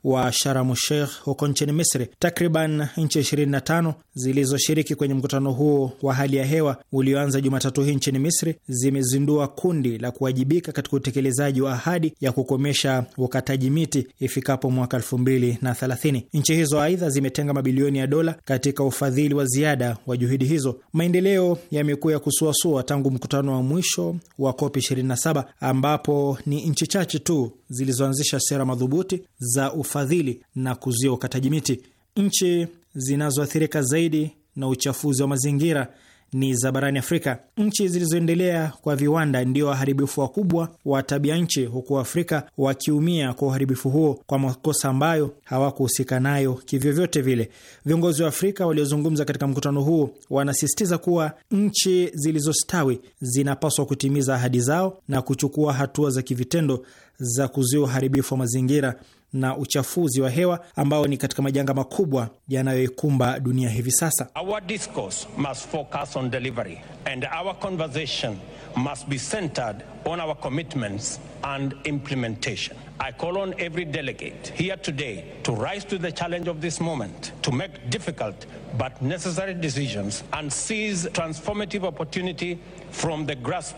wa Sharamu Sheikh huko nchini Misri. Takriban nchi 25 zilizoshiriki kwenye mkutano huo wa hali ya hewa ulioanza Jumatatu hii nchini Misri zimezindua kundi la kuwajibika katika utekelezaji wa ahadi ya kukomesha ukataji miti ifikapo mwaka 2030. Nchi hizo aidha zimetenga mabilioni ya dola katika ufadhili wa ziada wa juhudi hizo. Maendeleo yamekuwa ya kusuasua tangu mkutano wa mwisho wa COP 27 ambapo ni nchi chache tu zilizoanzisha sera madhubuti za ufadhili na kuzuia ukataji miti. Nchi zinazoathirika zaidi na uchafuzi wa mazingira ni za barani Afrika. Nchi zilizoendelea kwa viwanda ndio waharibifu wakubwa wa tabia nchi, huku Afrika wakiumia kwa uharibifu huo kwa makosa ambayo hawakuhusika nayo kivyovyote vile. Viongozi wa Afrika waliozungumza katika mkutano huo wanasisitiza kuwa nchi zilizostawi zinapaswa kutimiza ahadi zao na kuchukua hatua za kivitendo za kuzuia uharibifu wa mazingira na uchafuzi wa hewa ambao ni katika majanga makubwa yanayoikumba dunia hivi sasa. Our discourse must focus on delivery and our conversation must be centered on our commitments and implementation. I call on every delegate here today to rise to the challenge of this moment to make difficult but necessary decisions and seize transformative opportunity from the grasp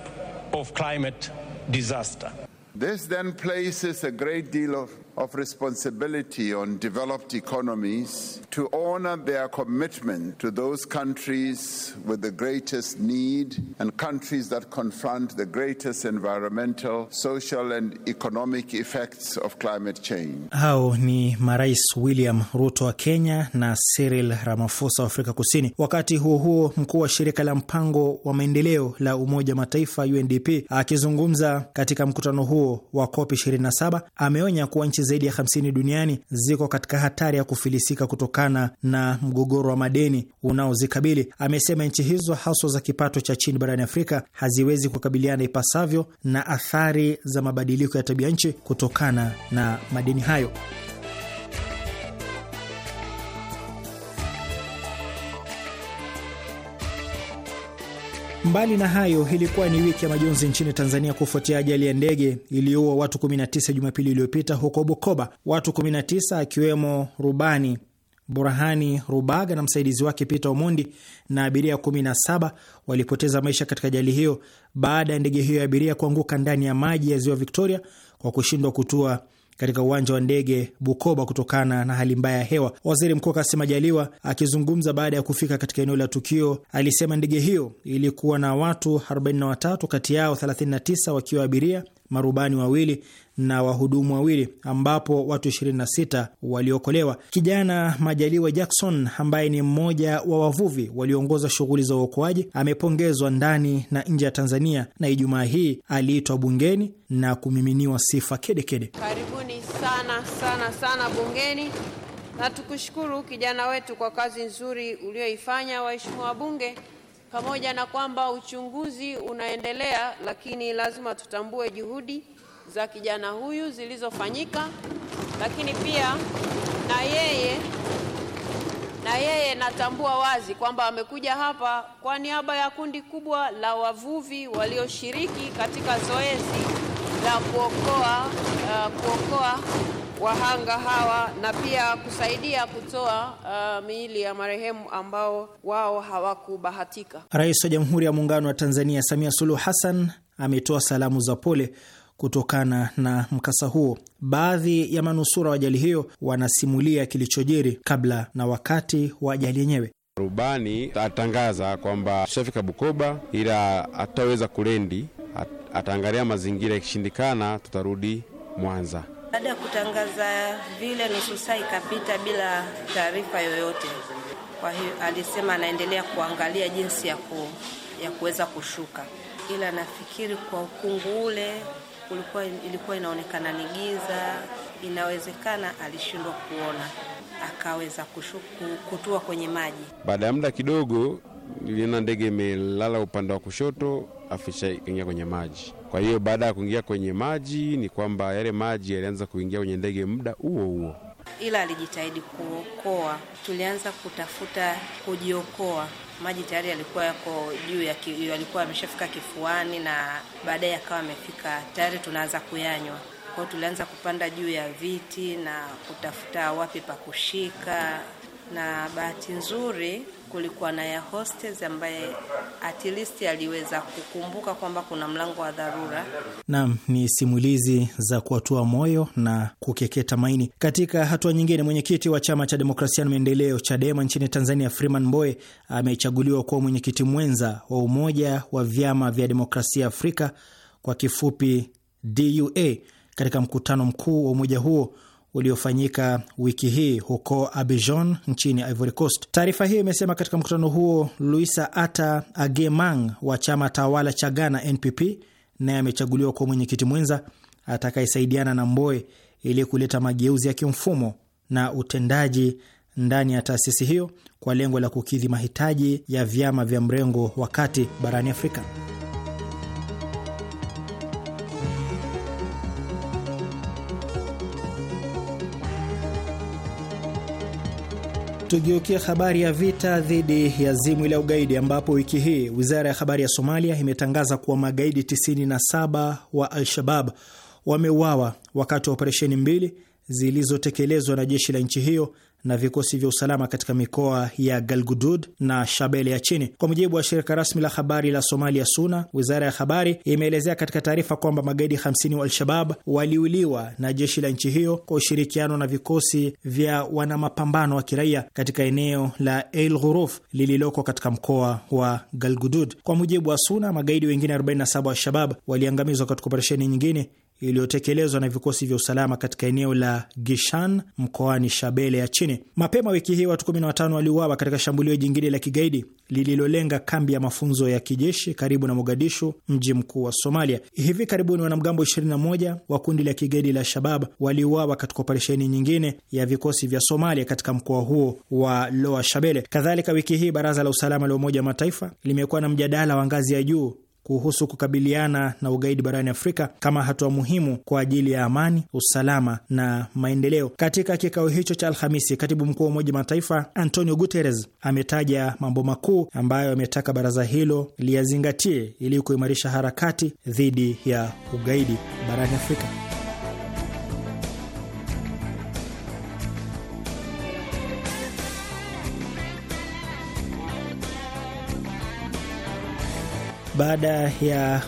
of climate disaster. This then places a great deal of of responsibility on developed economies to honor their commitment to those countries with the greatest need and countries that confront the greatest environmental, social and economic effects of climate change. Hao ni marais William Ruto wa Kenya na Cyril Ramaphosa wa Afrika Kusini. Wakati huo huo, mkuu wa shirika la mpango wa maendeleo la Umoja Mataifa UNDP akizungumza katika mkutano huo wa COP 27 ameonya kuwa nchi zaidi ya 50 duniani ziko katika hatari ya kufilisika kutokana na mgogoro wa madeni unaozikabili. Amesema nchi hizo haswa za kipato cha chini barani Afrika haziwezi kukabiliana ipasavyo na athari za mabadiliko ya tabia nchi kutokana na madeni hayo. Mbali na hayo, ilikuwa ni wiki ya majonzi nchini Tanzania kufuatia ajali ya ndege iliyoua watu 19 Jumapili iliyopita huko Bukoba. Watu 19 akiwemo rubani Burahani Rubaga na msaidizi wake Peter Omondi na abiria 17 walipoteza maisha katika ajali hiyo baada ya ndege hiyo ya abiria kuanguka ndani ya maji ya ziwa Victoria kwa kushindwa kutua katika uwanja wa ndege Bukoba kutokana na hali mbaya ya hewa. Waziri Mkuu Kassim Majaliwa akizungumza baada ya kufika katika eneo la tukio alisema ndege hiyo ilikuwa na watu 43 kati yao 39 wakiwa abiria, marubani wawili na wahudumu wawili ambapo watu 26 waliokolewa. Kijana Majaliwa Jackson ambaye ni mmoja wa wavuvi walioongoza shughuli za uokoaji amepongezwa ndani na nje ya Tanzania na Ijumaa hii aliitwa bungeni na kumiminiwa sifa kedekede kede sana sana sana bungeni na tukushukuru kijana wetu kwa kazi nzuri ulioifanya waheshimiwa bunge Pamoja na kwamba uchunguzi unaendelea, lakini lazima tutambue juhudi za kijana huyu zilizofanyika, lakini pia na yeye na yeye natambua wazi kwamba amekuja hapa kwa niaba ya kundi kubwa la wavuvi walioshiriki katika zoezi la kuokoa uh, kuokoa wahanga hawa na pia kusaidia kutoa uh, miili ya marehemu ambao wao hawakubahatika. Rais wa Jamhuri ya Muungano wa Tanzania Samia Suluhu Hassan ametoa salamu za pole kutokana na mkasa huo. Baadhi ya manusura wa ajali hiyo wanasimulia kilichojiri kabla na wakati wa ajali yenyewe. Rubani atangaza kwamba tushafika Bukoba, ila hataweza kulendi ataangalia mazingira, ikishindikana tutarudi Mwanza. Baada ya kutangaza vile, nusu saa ikapita bila taarifa yoyote. Kwa hiyo alisema anaendelea kuangalia jinsi ya, ku, ya kuweza kushuka, ila nafikiri kwa ukungu ule ulikuwa, ilikuwa inaonekana ni giza, inawezekana alishindwa kuona akaweza kushuku, kutua kwenye maji. Baada ya muda kidogo liona ndege imelala upande wa kushoto afisha ingia kwenye maji. Kwa hiyo baada ya kuingia kwenye maji ni kwamba yale maji yalianza kuingia kwenye ndege muda huo huo, ila alijitahidi kuokoa. Tulianza kutafuta kujiokoa, maji tayari yalikuwa yako juu ya yalikuwa yameshafika kifuani na baadaye yakawa amefika tayari, tunaanza kuyanywa. Kwa tulianza kupanda juu ya viti na kutafuta wapi pa kushika na bahati nzuri kulikuwa na ya hostes ambaye at least aliweza kukumbuka kwamba kuna mlango wa dharura. Naam, ni simulizi za kuatua moyo na kukeketa maini. Katika hatua nyingine, mwenyekiti wa chama cha demokrasia na maendeleo Chadema nchini Tanzania Freeman Mbowe amechaguliwa kuwa mwenyekiti mwenza wa umoja wa vyama vya demokrasia Afrika kwa kifupi DUA katika mkutano mkuu wa umoja huo uliofanyika wiki hii huko Abidjan nchini Ivory Coast. Taarifa hiyo imesema katika mkutano huo Luisa Ata Agemang wa chama tawala cha Ghana NPP naye amechaguliwa kuwa mwenyekiti mwenza atakayesaidiana na Mboe ili kuleta mageuzi ya kimfumo na utendaji ndani ya taasisi hiyo kwa lengo la kukidhi mahitaji ya vyama vya mrengo wa kati barani Afrika. Tugeukie habari ya vita dhidi ya zimwi la ugaidi, ambapo wiki hii wizara ya habari ya Somalia imetangaza kuwa magaidi 97 wa Al-Shabab wameuawa wakati wa operesheni mbili zilizotekelezwa na jeshi la nchi hiyo na vikosi vya usalama katika mikoa ya Galgudud na Shabele ya chini. Kwa mujibu wa shirika rasmi la habari la Somalia SUNA, wizara ya habari imeelezea katika taarifa kwamba magaidi 50 wa Al-Shabab waliuliwa na jeshi la nchi hiyo kwa ushirikiano na vikosi vya wanamapambano wa kiraia katika eneo la El Ghuruf lililoko katika mkoa wa Galgudud. Kwa mujibu wa SUNA, magaidi wengine 47 wa Al-Shabab waliangamizwa katika operesheni nyingine iliyotekelezwa na vikosi vya usalama katika eneo la Gishan mkoani Shabele ya chini. Mapema wiki hii watu 15 waliuawa katika shambulio jingine la kigaidi lililolenga kambi ya mafunzo ya kijeshi karibu na Mogadishu, mji mkuu wa Somalia. Hivi karibuni wanamgambo 21 wa kundi la kigaidi la Shabab waliuawa katika operesheni nyingine ya vikosi vya Somalia katika mkoa huo wa Loa Shabele. Kadhalika, wiki hii baraza la usalama la Umoja wa Mataifa limekuwa na mjadala wa ngazi ya juu kuhusu kukabiliana na ugaidi barani Afrika kama hatua muhimu kwa ajili ya amani, usalama na maendeleo. Katika kikao hicho cha Alhamisi, katibu mkuu wa Umoja Mataifa Antonio Guterres ametaja mambo makuu ambayo ametaka baraza hilo liyazingatie ili kuimarisha harakati dhidi ya ugaidi barani Afrika. Baada ya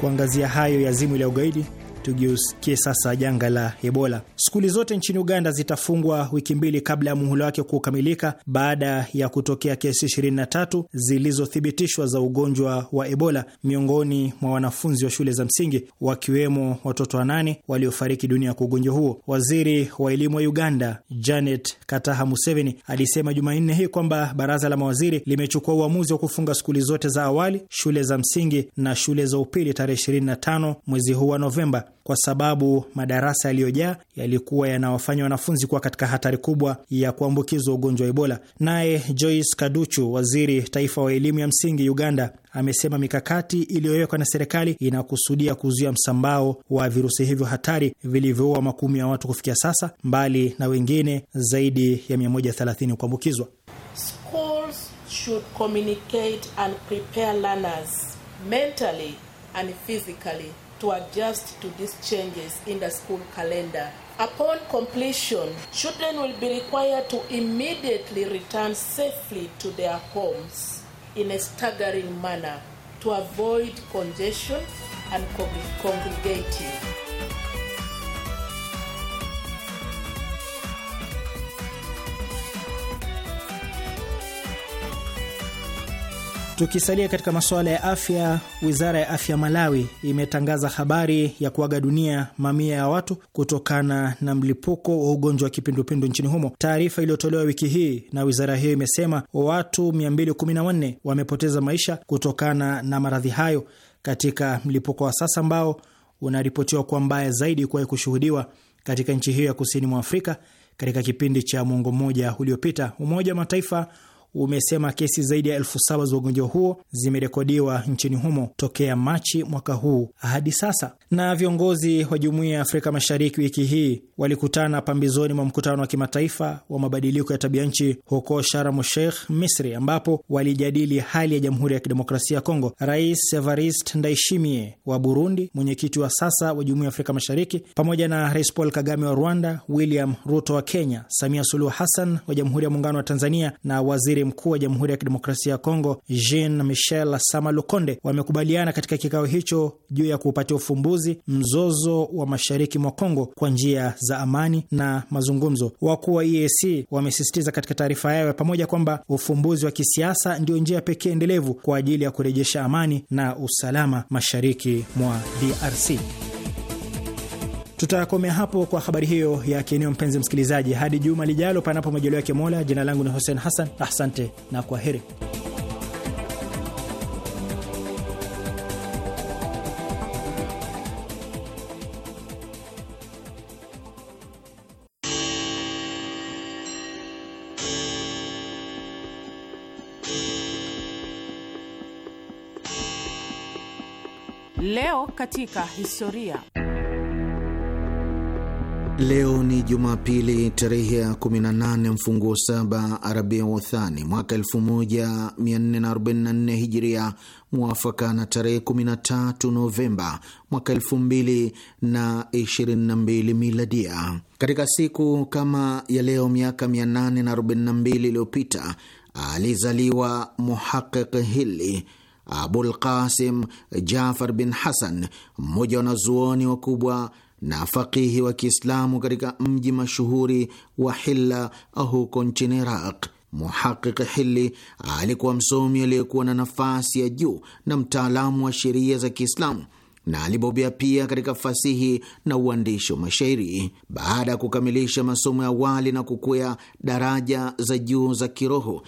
kuangazia hayo ya zimu la ugaidi, tugeusikie sasa janga la Ebola. Skuli zote nchini Uganda zitafungwa wiki mbili kabla ya muhula wake kukamilika baada ya kutokea kesi 23 zilizothibitishwa za ugonjwa wa Ebola miongoni mwa wanafunzi wa shule za msingi, wakiwemo watoto wanane waliofariki dunia kwa ugonjwa huo. Waziri wa elimu wa Uganda Janet Kataha Museveni alisema Jumanne hii kwamba baraza la mawaziri limechukua uamuzi wa kufunga skuli zote za awali, shule za msingi na shule za upili tarehe 25 mwezi huu wa Novemba kwa sababu madarasa yaliyojaa yalikuwa yanawafanya wanafunzi kuwa katika hatari kubwa ya kuambukizwa ugonjwa wa Ebola. Naye Joyce Kaduchu, waziri taifa wa elimu ya msingi Uganda, amesema mikakati iliyowekwa na serikali inakusudia kuzuia msambao wa virusi hivyo hatari vilivyoua makumi ya watu kufikia sasa, mbali na wengine zaidi ya 130 kuambukizwa. and to adjust to these changes in the school calendar. Upon completion, children will be required to immediately return safely to their homes in a staggering manner to avoid congestion and congregating. Tukisalia katika masuala ya afya, wizara ya afya Malawi imetangaza habari ya kuaga dunia mamia ya watu kutokana na mlipuko wa ugonjwa wa kipindupindu nchini humo. Taarifa iliyotolewa wiki hii na wizara hiyo imesema watu 214 wamepoteza maisha kutokana na maradhi hayo katika mlipuko wa sasa ambao unaripotiwa kuwa mbaya zaidi kuwahi kushuhudiwa katika nchi hiyo ya kusini mwa Afrika katika kipindi cha mwongo mmoja uliopita. Umoja wa Mataifa umesema kesi zaidi ya elfu saba za ugonjwa huo zimerekodiwa nchini humo tokea Machi mwaka huu hadi sasa. Na viongozi wa Jumuiya ya Afrika Mashariki wiki hii walikutana pambizoni mwa mkutano wa kimataifa wa mabadiliko ya tabia nchi huko Sharm el Sheikh, Misri, ambapo walijadili hali ya Jamhuri ya Kidemokrasia ya Kongo. Rais Evariste Ndayishimiye wa Burundi, mwenyekiti wa sasa wa Jumuiya ya Afrika Mashariki, pamoja na Rais Paul Kagame wa Rwanda, William Ruto wa Kenya, Samia Suluhu Hassan wa Jamhuri ya Muungano wa Tanzania na Waziri Mkuu wa Jamhuri ya Kidemokrasia ya Kongo Jean Michel Sama Lukonde wamekubaliana katika kikao hicho juu ya kuupatia ufumbuzi ufumbuzi mzozo wa mashariki mwa Kongo kwa njia za amani na mazungumzo. Wakuu wa EAC wamesisitiza katika taarifa yao ya pamoja kwamba ufumbuzi wa kisiasa ndio njia pekee endelevu kwa ajili ya kurejesha amani na usalama mashariki mwa DRC. Tutakomea hapo kwa habari hiyo ya kieneo, mpenzi msikilizaji, hadi juma lijalo, panapo majaliwa yake Mola. Jina langu ni Hussein Hassan, asante na kwa heri. Leo katika historia. Leo ni Jumapili tarehe ya 18 mfunguo saba Arabia Wathani mwaka 1444 Hijiria, mwafaka na tarehe 13 Novemba mwaka 2022 Miladia. Katika siku kama ya leo miaka 842 iliyopita alizaliwa Muhaqiq Hili, Abul Qasim Jafar bin Hasan, mmoja wa wanazuoni wakubwa na faqihi wa Kiislamu katika mji mashuhuri wa Hilla huko nchini Iraq. Muhaqiq Hili alikuwa msomi aliyekuwa na nafasi ya juu na mtaalamu wa sheria za Kiislamu na alibobea pia katika fasihi na uandishi wa mashairi. Baada ya kukamilisha masomo ya awali na kukwea daraja za juu za kiroho,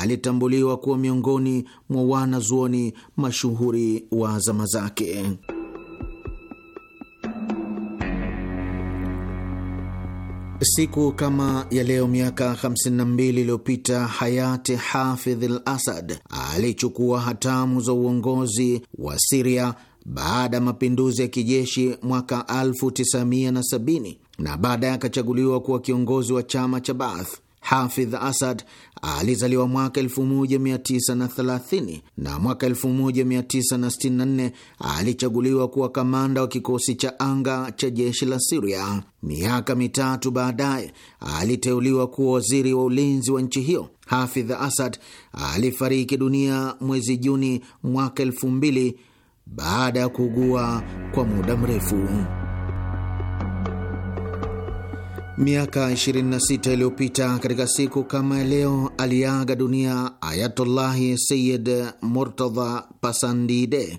alitambuliwa kuwa miongoni mwa wanazuoni mashuhuri wa zama zake. Siku kama ya leo miaka 52 iliyopita hayati Hafidh al Asad alichukua hatamu za uongozi wa Siria baada ya mapinduzi ya kijeshi mwaka 1970 na baadaye akachaguliwa kuwa kiongozi wa chama cha Baath. Hafidh Asad alizaliwa mwaka 1930 na mwaka 1964 alichaguliwa kuwa kamanda wa kikosi cha anga cha jeshi la Siria. Miaka mitatu baadaye aliteuliwa kuwa waziri wa ulinzi wa nchi hiyo. Hafidh Asad alifariki dunia mwezi Juni mwaka baada ya kuugua kwa muda mrefu. Miaka 26 iliyopita katika siku kama ya leo aliaga dunia Ayatullahi Sayid Murtadha Pasandide,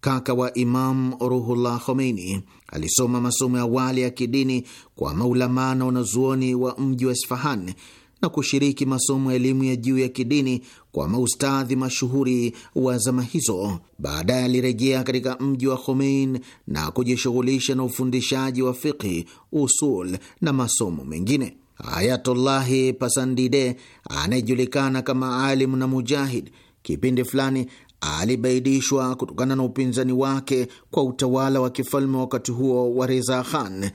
kaka wa Imam Ruhullah Khomeini. Alisoma masomo ya awali ya kidini kwa maulamaa na wanazuoni wa mji wa Isfahan na kushiriki masomo ya elimu ya juu ya kidini kwa maustadhi mashuhuri wa zama hizo. Baadaye alirejea katika mji wa Khomein na kujishughulisha na ufundishaji wa fiqhi, usul na masomo mengine. Ayatullahi Pasandide anayejulikana kama alimu na mujahid, kipindi fulani alibaidishwa kutokana na upinzani wake kwa utawala wa kifalme wakati huo wa Reza Khan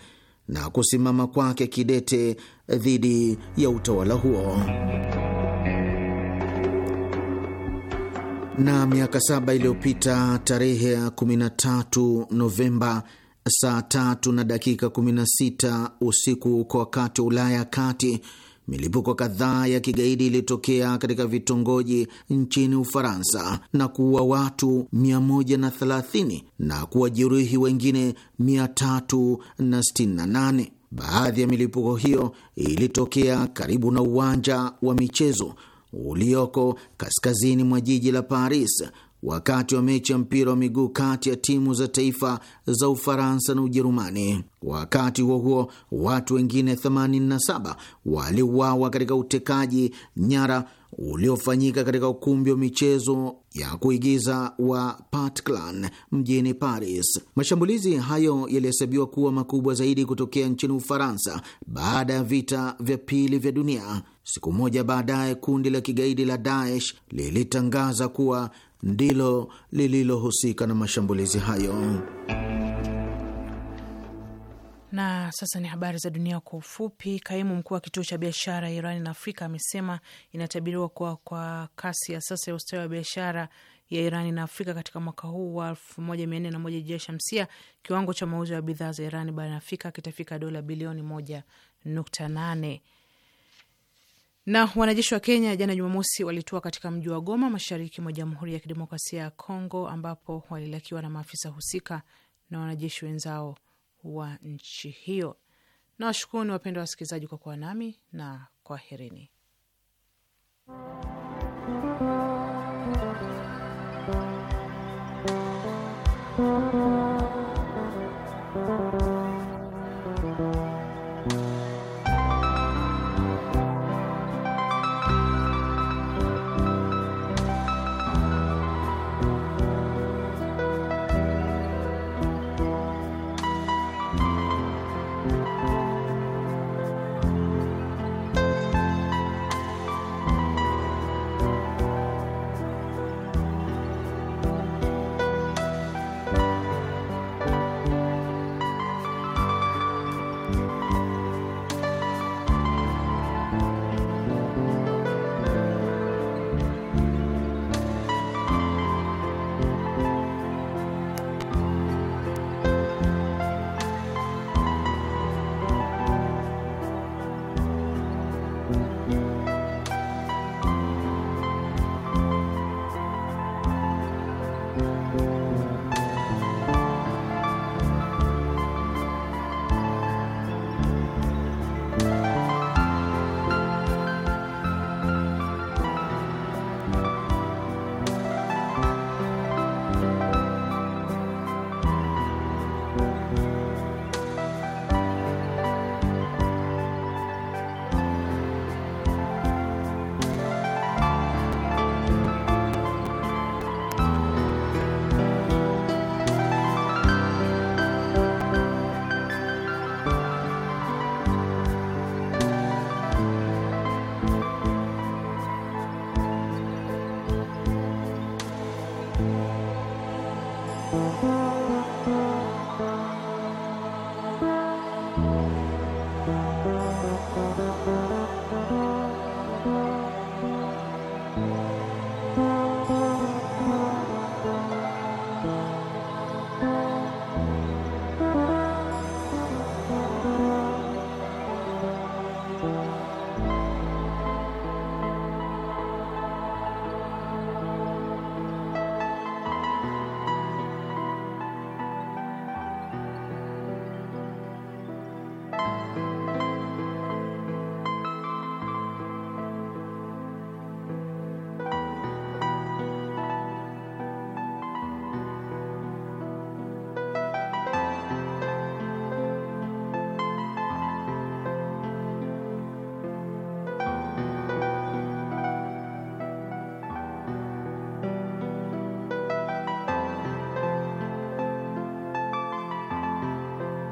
na kusimama kwake kidete dhidi ya utawala huo. Na miaka saba iliyopita tarehe ya 13 Novemba saa tatu na dakika 16 usiku kwa wakati wa Ulaya kati Milipuko kadhaa ya kigaidi ilitokea katika vitongoji nchini Ufaransa na kuua watu 130 na kuwajeruhi wengine 368. Baadhi ya milipuko hiyo ilitokea karibu na uwanja wa michezo ulioko kaskazini mwa jiji la Paris wakati wa mechi ya mpira wa miguu kati ya timu za taifa za Ufaransa na Ujerumani. Wakati huo huo, watu wengine 87 waliuawa katika utekaji nyara uliofanyika katika ukumbi wa michezo ya kuigiza wa Bataclan mjini Paris. Mashambulizi hayo yalihesabiwa kuwa makubwa zaidi kutokea nchini Ufaransa baada ya vita vya pili vya dunia. Siku moja baadaye, kundi la kigaidi la Daesh lilitangaza kuwa ndilo lililohusika na mashambulizi hayo. Na sasa ni habari za dunia kwa ufupi. Kaimu mkuu wa kituo cha biashara ya Irani na Afrika amesema inatabiriwa kuwa kwa kasi ya sasa ya ustawi wa biashara ya Irani na Afrika katika mwaka huu wa elfu moja mia nne na moja shamsia, kiwango cha mauzo ya bidhaa za Irani barani Afrika kitafika dola bilioni moja nukta nane. Na wanajeshi wa Kenya jana Jumamosi walitua katika mji wa Goma, mashariki mwa Jamhuri ya Kidemokrasia ya Kongo, ambapo walilakiwa na maafisa husika na wanajeshi wenzao wa nchi hiyo. Na washukuruni wapendwa wasikilizaji kwa kuwa nami na kwaherini.